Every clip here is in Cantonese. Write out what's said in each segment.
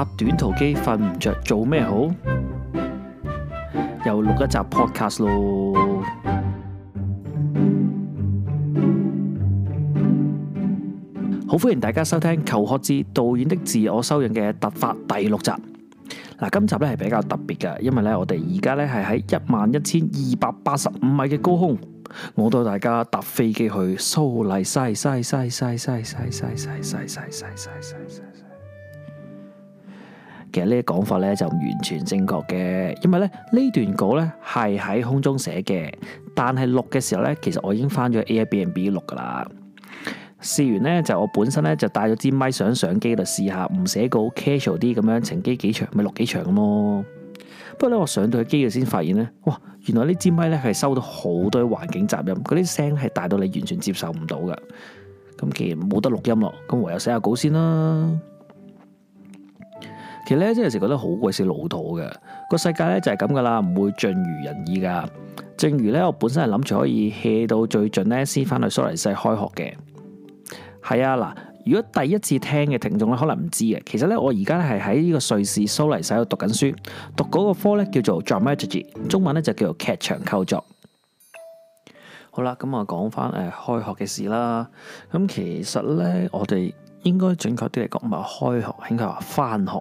搭短途機瞓唔着做咩好？又錄一集 podcast 咯。好歡迎大家收聽《求學之》導演的自我修養嘅突發第六集。嗱，今集咧係比較特別嘅，因為咧我哋而家咧係喺一萬一千二百八十五米嘅高空。我帶大家搭飛機去蘇麗，西西西西西西西西西西西西。其實呢啲講法咧就唔完全正確嘅，因為咧呢段稿咧係喺空中寫嘅，但係錄嘅時候咧，其實我已經翻咗 Airbnb 錄噶啦。試完咧就我本身咧就帶咗支咪，咪想上機度試下，唔寫稿 casual 啲咁樣，乘機幾長咪、就是、錄幾長咯。不過咧我上到去機度先發現咧，哇，原來呢支咪咧係收到好多環境雜音，嗰啲聲係大到你完全接受唔到噶。咁既然冇得錄音咯，咁唯有寫下稿先啦。其實咧，即係有時覺得好鬼死老土嘅，個世界咧就係咁噶啦，唔會盡如人意噶。正如咧，我本身係諗住可以 hea 到最盡咧，先翻去蘇黎世開學嘅。係啊，嗱，如果第一次聽嘅聽眾咧，可能唔知啊。其實咧，我而家係喺呢個瑞士蘇黎世度讀緊書，讀嗰個科咧叫做 Dramatology，中文咧就叫做劇場構作。好啦，咁、嗯、啊，講翻誒開學嘅事啦。咁、嗯、其實咧，我哋應該準確啲嚟講，唔係開學，應該話翻學。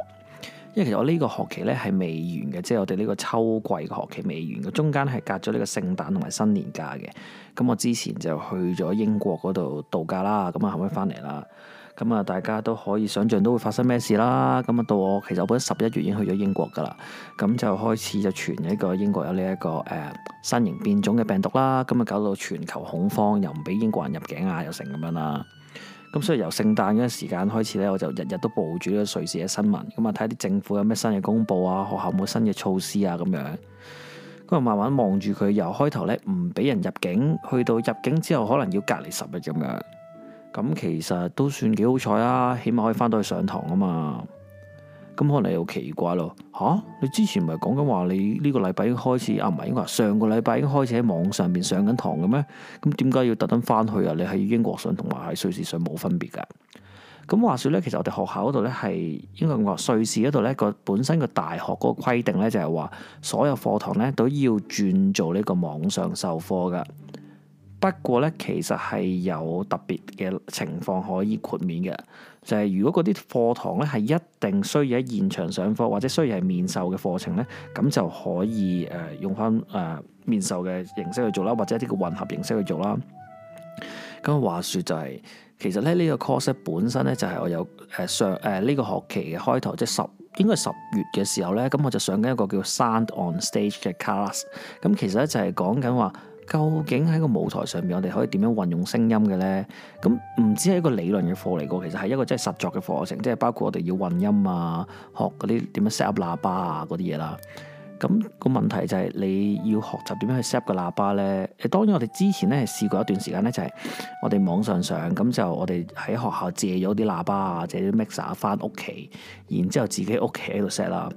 即其實我呢個學期咧係未完嘅，即係我哋呢個秋季嘅學期未完嘅，中間係隔咗呢個聖誕同埋新年假嘅。咁我之前就去咗英國嗰度度假啦，咁啊後尾翻嚟啦，咁啊大家都可以想象到會發生咩事啦。咁啊到我其實我本身十一月已經去咗英國噶啦，咁就開始就傳呢個英國有呢、這、一個誒、呃、新型變種嘅病毒啦，咁啊搞到全球恐慌，又唔俾英國人入境啊，又成咁樣啦。咁、嗯、所以由聖誕嗰陣時間開始咧，我就日日都報住呢個瑞士嘅新聞，咁啊睇下啲政府有咩新嘅公佈啊，學校有冇新嘅措施啊咁樣。咁啊慢慢望住佢，由開頭咧唔俾人入境，去到入境之後可能要隔離十日咁樣。咁、嗯、其實都算幾好彩啦，起碼可以翻到去上堂啊嘛。咁可能你好奇怪咯，嚇、啊？你之前唔係講緊話你呢個禮拜已經開始啊，唔係應該話上個禮拜已經開始喺網上邊上緊堂嘅咩？咁點解要特登翻去啊？你係英國上同埋喺瑞士上冇分別噶？咁話說咧，其實我哋學校嗰度咧，係應該咁話，瑞士嗰度咧個本身嘅大學嗰個規定咧就係話，所有課堂咧都要轉做呢個網上授課噶。不過咧，其實係有特別嘅情況可以豁免嘅，就係如果嗰啲課堂咧係一定需要喺現場上課，或者需要係面授嘅課程咧，咁就可以誒用翻誒面授嘅形式去做啦，或者一啲嘅混合形式去做啦。咁話説就係、是、其實咧呢、這個 course 本身咧就係我有誒上誒呢、呃這個學期嘅開頭，即係十應該係十月嘅時候咧，咁我就上緊一個叫 Stand on Stage 嘅 class。咁其實咧就係講緊話。究竟喺個舞台上面，我哋可以點樣運用聲音嘅咧？咁唔知係一個理論嘅課嚟個，其實係一個真係實作嘅課程，即係包括我哋要混音啊，學嗰啲點樣 set up 喇叭啊嗰啲嘢啦。咁個問題就係你要學習點樣去 set 個喇叭咧？誒，當然我哋之前咧試過一段時間咧，就係我哋網上上咁就我哋喺學校借咗啲喇叭啊，借啲 mixer 翻屋企，然之後自己屋企喺度 set 啦。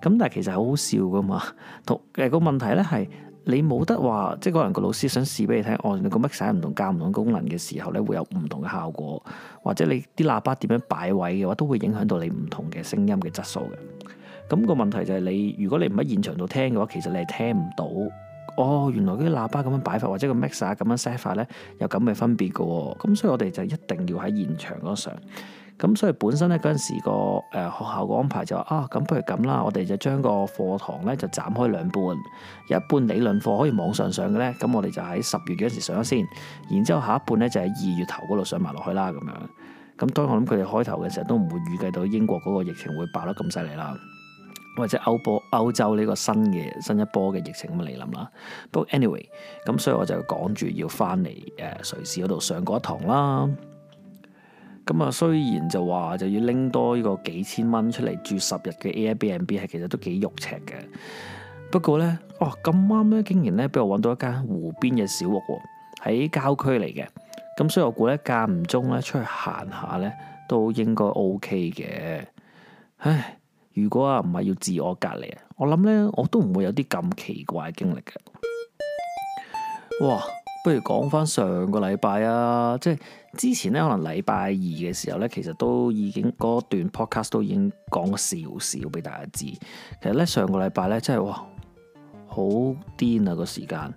咁但係其實好好笑噶嘛，同誒個問題咧係。你冇得話，即係可能個老師想試俾你聽，哦，你個 mixer 唔同校唔同功能嘅時候咧，會有唔同嘅效果，或者你啲喇叭點樣擺位嘅話，都會影響到你唔同嘅聲音嘅質素嘅。咁個問題就係你，如果你唔喺現場度聽嘅話，其實你係聽唔到，哦，原來嗰啲喇叭咁樣擺法，或者個 mixer 咁樣 set 法咧，有咁嘅分別嘅，哦。咁所以我哋就一定要喺現場嗰度咁所以本身咧，嗰陣時個誒、呃、學校嘅安排就話啊，咁不如咁啦，我哋就將個課堂咧就斬開兩半，有一半理論課可以網上上嘅咧，咁我哋就喺十月幾時上咗先，然之後下一半咧就喺二月頭嗰度上埋落去啦咁樣。咁當然我諗佢哋開頭嘅時候都唔會預計到英國嗰個疫情會爆得咁犀利啦，或者歐波歐洲呢個新嘅新一波嘅疫情咁嚟臨啦。不過 anyway，咁所以我就趕住要翻嚟誒瑞士嗰度上嗰堂啦。咁啊、嗯，雖然就話就要拎多呢個幾千蚊出嚟住十日嘅 Airbnb 係其實都幾肉赤嘅。不過呢，哦咁啱呢，竟然呢俾我揾到一間湖邊嘅小屋喎、哦，喺郊區嚟嘅。咁、嗯、所以我估呢間唔中咧出去行下呢，都應該 OK 嘅。唉，如果啊唔係要自我隔離，我諗呢我都唔會有啲咁奇怪嘅經歷嘅。哇！不如講翻上個禮拜啊！即係之前咧，可能禮拜二嘅時候咧，其實都已經嗰段 podcast 都已經講咗少少俾大家知。其實咧，上個禮拜咧，真係哇，好癲啊個時間！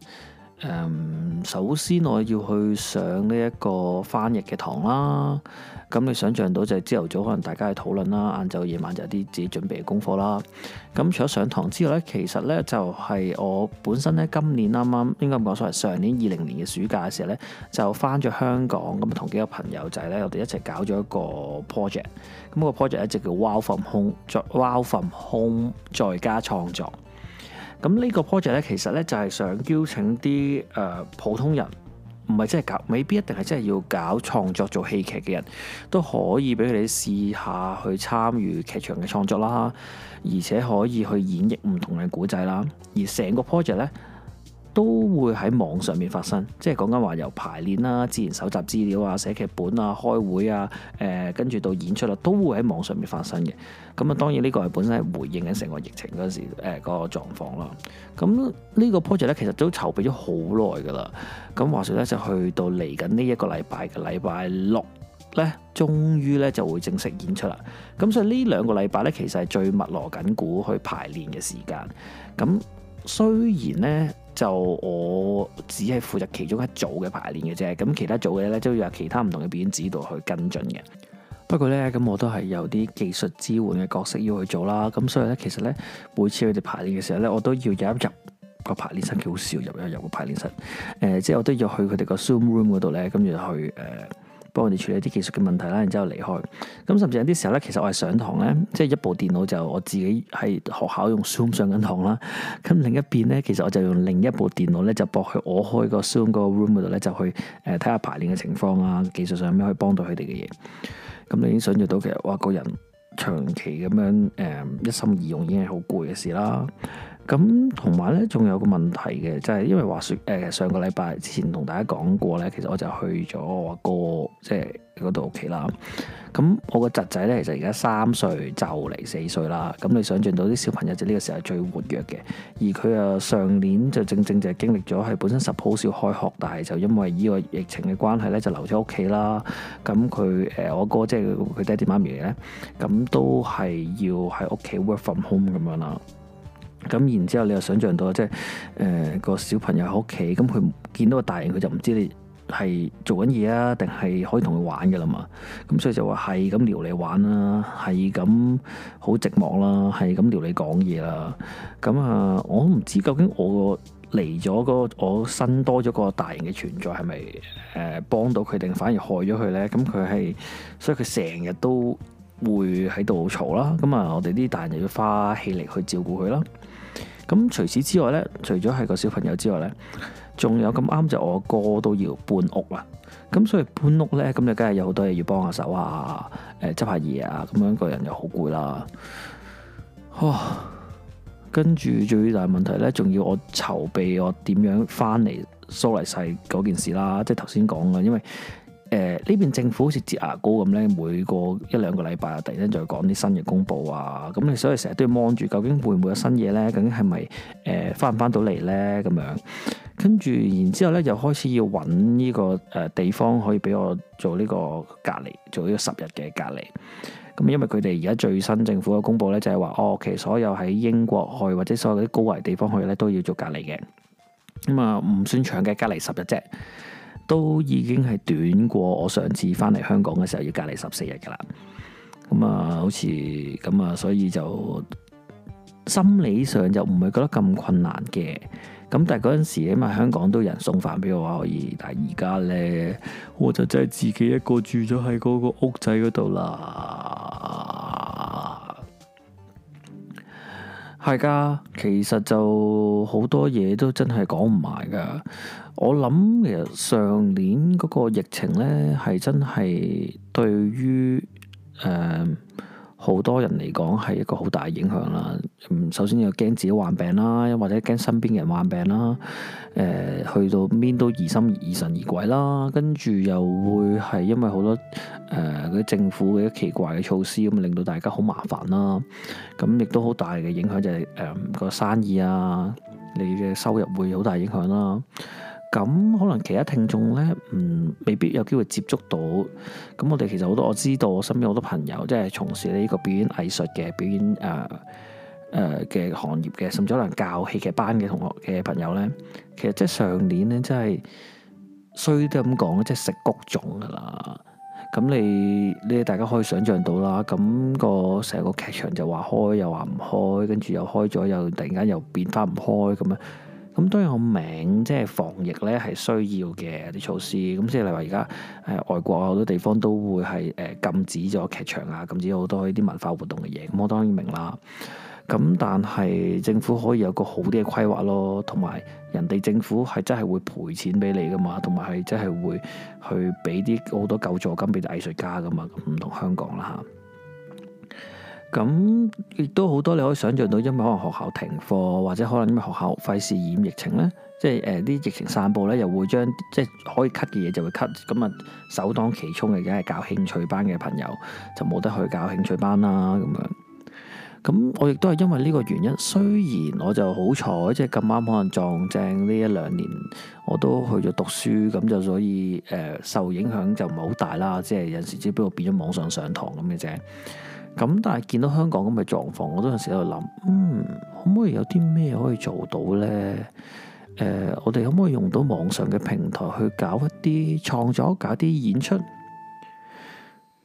誒，um, 首先我要去上呢一個翻譯嘅堂啦。咁你想象到就係朝頭早可能大家去討論啦，晏晝夜晚就有啲自己準備嘅功課啦。咁除咗上堂之外咧，其實咧就係、是、我本身咧今年啱啱應該唔講，所謂上年二零年嘅暑假嘅時候咧，就返咗香港，咁同幾個朋友仔係咧，我哋一齊搞咗一個 project。咁、那個 project 一直叫 Work From Home Work From Home 在家創作。咁呢個 project 咧，其實咧就係、係、想邀請啲誒、呃、普通人，唔係即係搞，未必一定係真係要搞創作做戲劇嘅人，都可以俾佢哋試下去參與劇場嘅創作啦，而且可以去演繹唔同嘅古仔啦，而成個 project 咧，都會喺網上面發生，即係講緊話由排練啦、自然搜集資料啊、寫劇本啊、開會啊、誒跟住到演出啦，都會喺網上面發生嘅。咁啊，當然呢個係本身係回應緊成個疫情嗰時誒、呃個狀況啦。咁呢個 project 咧，其實都籌備咗好耐㗎啦。咁話說咧，就去到嚟緊呢一個禮拜嘅禮拜六咧，終於咧就會正式演出啦。咁所以兩呢兩個禮拜咧，其實係最密鑼緊鼓去排練嘅時間。咁雖然咧～就我只係負責其中一組嘅排練嘅啫，咁其他組嘅咧，都要有其他唔同嘅表演指導去跟進嘅。不過咧，咁我都係有啲技術支援嘅角色要去做啦。咁所以咧，其實咧，每次佢哋排練嘅時候咧，我都要有一入個排練室，幾好笑，入一入個排練室。誒、呃，即係我都要去佢哋個 Zoom room 嗰度咧，跟住去誒。呃幫我哋處理啲技術嘅問題啦，然之後離開。咁甚至有啲時候咧，其實我係上堂咧，嗯、即係一部電腦就我自己喺學校用 Zoom 上緊堂啦。咁另一邊咧，其實我就用另一部電腦咧，就駁去我開個 Zoom 個 room 度咧，就去誒睇下排練嘅情況啊，技術上有咩可以幫到佢哋嘅嘢。咁你已經想象到，其實我個人長期咁樣誒、呃、一心二用，已經係好攰嘅事啦。嗯咁同埋咧，仲有個問題嘅，就係、是、因為話説誒、呃，上個禮拜之前同大家講過咧，其實我就去咗我阿哥即係嗰度屋企啦。咁、就是、我個侄仔咧，其實而家三歲就嚟四歲啦。咁你想象到啲小朋友就呢個時候最活躍嘅。而佢啊上年就正正就係經歷咗係本身 suppose 開學，但係就因為呢個疫情嘅關係咧，就留咗屋企啦。咁佢誒我哥即係佢爹哋媽咪咧，咁、就是、都係要喺屋企 work from home 咁樣啦。咁然之後，你又想象到即係誒、呃嗰個小朋友喺屋企，咁佢見到大、啊啊啊啊啊嗰個、個大人，佢就唔知你係做緊嘢啊，定係可以同佢玩㗎啦嘛？咁所以就話係咁撩你玩啦，係咁好寂寞啦，係咁撩你講嘢啦。咁啊，我唔知究竟我嚟咗個我新多咗個大人嘅存在係咪誒幫到佢，定反而害咗佢咧？咁佢係所以佢成日都會喺度嘈啦。咁啊，我哋啲大人又要花氣力去照顧佢啦。咁除此之外咧，除咗係個小朋友之外咧，仲有咁啱就我哥哥都要搬屋啦。咁所以搬屋咧，咁就梗係有好多嘢要幫下手啊，誒、呃，執下嘢啊，咁樣個人又好攰啦。吓，跟住最大問題咧，仲要我籌備我點樣翻嚟蘇黎世嗰件事啦。即係頭先講嘅，因為。誒呢邊政府好似擠牙膏咁咧，每個一兩個禮拜啊，突然間就講啲新嘅公佈啊，咁、嗯、你所以成日都要望住，究竟會唔會有新嘢咧？究竟係咪誒返唔返到嚟咧？咁樣跟住，然之後咧又開始要搵呢個誒地方可以俾我做呢個隔離，做呢個十日嘅隔離。咁、嗯、因為佢哋而家最新政府嘅公佈咧，就係、是、話哦，其實所有喺英國去或者所有啲高危地方去咧，都要做隔離嘅。咁、嗯、啊，唔算長嘅隔離十日啫。都已經係短過我上次返嚟香港嘅時候要隔離十四日噶啦，咁啊，好似咁啊，所以就心理上就唔係覺得咁困難嘅。咁但係嗰陣時起碼香港都有人送飯俾我可以，但係而家呢，我就真係自己一個住咗喺嗰個屋仔嗰度啦。係噶，其實就好多嘢都真係講唔埋噶。我諗其實上年嗰個疫情咧，係真係對於誒好、呃、多人嚟講係一個好大嘅影響啦。嗯，首先又驚自己患病啦，或者驚身邊人患病啦。誒、呃，去到邊都疑心疑神疑神疑鬼啦，跟住又會係因為好多誒嗰啲、呃、政府嘅奇怪嘅措施咁，令到大家好麻煩啦。咁亦都好大嘅影響就係、是、誒、呃嗰個生意啊，你嘅收入會有好大影響啦。咁可能其他聽眾咧，唔、嗯、未必有機會接觸到。咁我哋其實好多我知道，我身邊好多朋友，即係從事呢個表演藝術嘅表演誒誒嘅行業嘅，甚至可能教戲劇班嘅同學嘅朋友咧，其實即係上年咧，真係衰啲都咁講啦，即係食谷種㗎啦。咁你你大家可以想象到啦。咁、嗰個成個劇場就話開又話唔開，跟住又開咗又突然間又變翻唔開咁樣。咁當然我明，即係防疫咧，係需要嘅啲措施。咁即係例如話而家誒外國好多地方都會係誒禁止咗劇場啊，禁止好多呢啲文化活動嘅嘢。咁我當然明啦。咁但係政府可以有個好啲嘅規劃咯，同埋人哋政府係真係會賠錢俾你噶嘛，同埋係真係會去俾啲好多救助金俾啲藝術家噶嘛，咁唔同香港啦嚇。咁亦都好多你可以想象到，因為可能學校停課，或者可能因為學校費事染疫情咧，即係誒啲疫情散佈咧，又會將即係可以咳嘅嘢就會咳，咁啊首當其衝嘅梗係搞興趣班嘅朋友就冇得去搞興趣班啦，咁樣。咁我亦都係因為呢個原因，雖然我就好彩，即係咁啱可能撞正呢一兩年，我都去咗讀書，咁就所以誒、呃、受影響就唔係好大啦，即係有陣時只不過變咗網上上堂咁嘅啫。咁但係見到香港咁嘅狀況，我都有時喺度諗，嗯，可唔可以有啲咩可以做到呢？誒、呃，我哋可唔可以用到網上嘅平台去搞一啲創作，搞啲演出？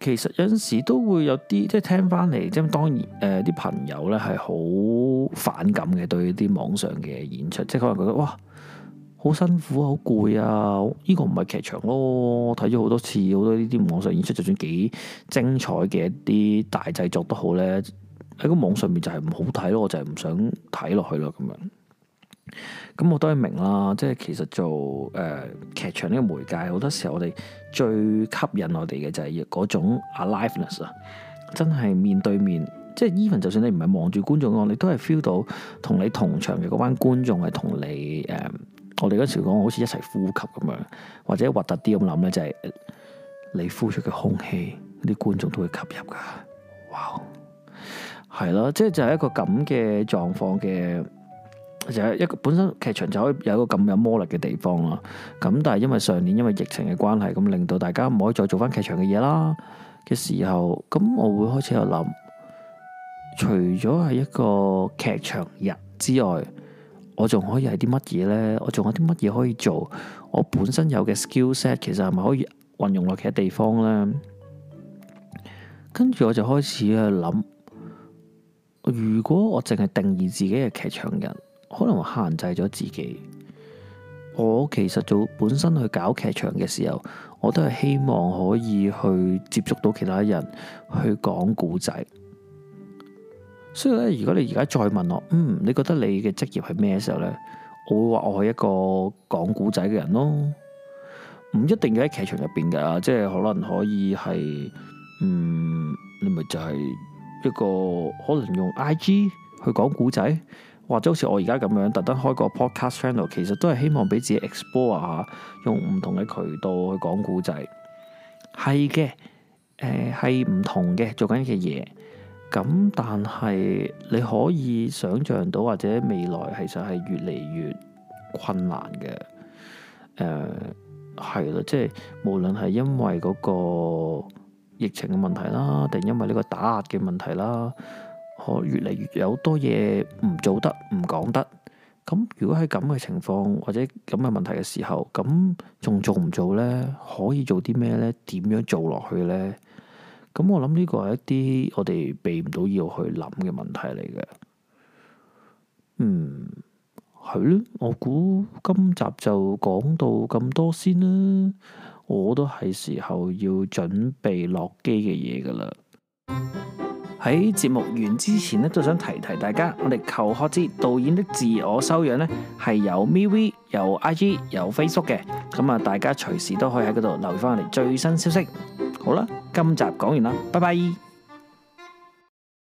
其實有陣時都會有啲即係聽翻嚟，即係當然誒啲、呃、朋友呢係好反感嘅對啲網上嘅演出，即係可能覺得哇～好辛苦好攰啊！呢個唔係劇場咯，睇咗好多次，好多呢啲網上演出，就算幾精彩嘅一啲大製作都好咧，喺個網上面就係唔好睇咯。我就係唔想睇落去咯，咁樣。咁我都係明啦，即係其實做誒劇場呢個媒介，好多時候我哋最吸引我哋嘅就係嗰種 aliveness 啊，真係面對面，即係 even 就算你唔係望住觀眾，我你都係 feel 到同你同場嘅嗰班觀眾係同你誒。嗯我哋嗰時講好似一齊呼吸咁樣，或者核突啲咁諗咧，就係你呼出嘅空氣，啲觀眾都會吸入噶。哇，係咯，即係就係一個咁嘅狀況嘅，就係一個本身劇場就可以有一個咁有魔力嘅地方啦。咁但係因為上年因為疫情嘅關係，咁令到大家唔可以再做翻劇場嘅嘢啦嘅時候，咁我會開始有諗，除咗係一個劇場日之外。我仲可以係啲乜嘢呢？我仲有啲乜嘢可以做？我本身有嘅 skill set 其實係咪可以運用落其他地方呢？跟住我就開始去諗，如果我淨係定義自己係劇場人，可能我限制咗自己。我其實做本身去搞劇場嘅時候，我都係希望可以去接觸到其他人，去講古仔。所以咧，如果你而家再問我，嗯，你覺得你嘅職業係咩時候咧？我會話我係一個講古仔嘅人咯，唔一定要喺劇場入邊㗎，即係可能可以係，嗯，你咪就係一個可能用 I G 去講古仔，或者好似我而家咁樣特登開個 podcast channel，其實都係希望俾自己 explore 下，用唔同嘅渠道去講古仔，係嘅，誒係唔同嘅做緊嘅嘢。咁，但係你可以想象到，或者未來其實係越嚟越困難嘅。誒、呃，係啦，即係無論係因為嗰個疫情嘅問題啦，定因為呢個打壓嘅問題啦，可越嚟越有多嘢唔做得，唔講得。咁如果喺咁嘅情況，或者咁嘅問題嘅時候，咁仲做唔做咧？可以做啲咩咧？點樣做落去咧？咁我諗呢個係一啲我哋避唔到要去諗嘅問題嚟嘅，嗯，係咯。我估今集就講到咁多先啦。我都係時候要準備落機嘅嘢噶啦。喺節目完之前呢，都想提提大家，我哋求學之導演的自我修養呢，係有 MV 有 IG 有 Facebook 嘅，咁啊，大家隨時都可以喺嗰度留翻我哋最新消息。好啦。今集講完啦，拜拜。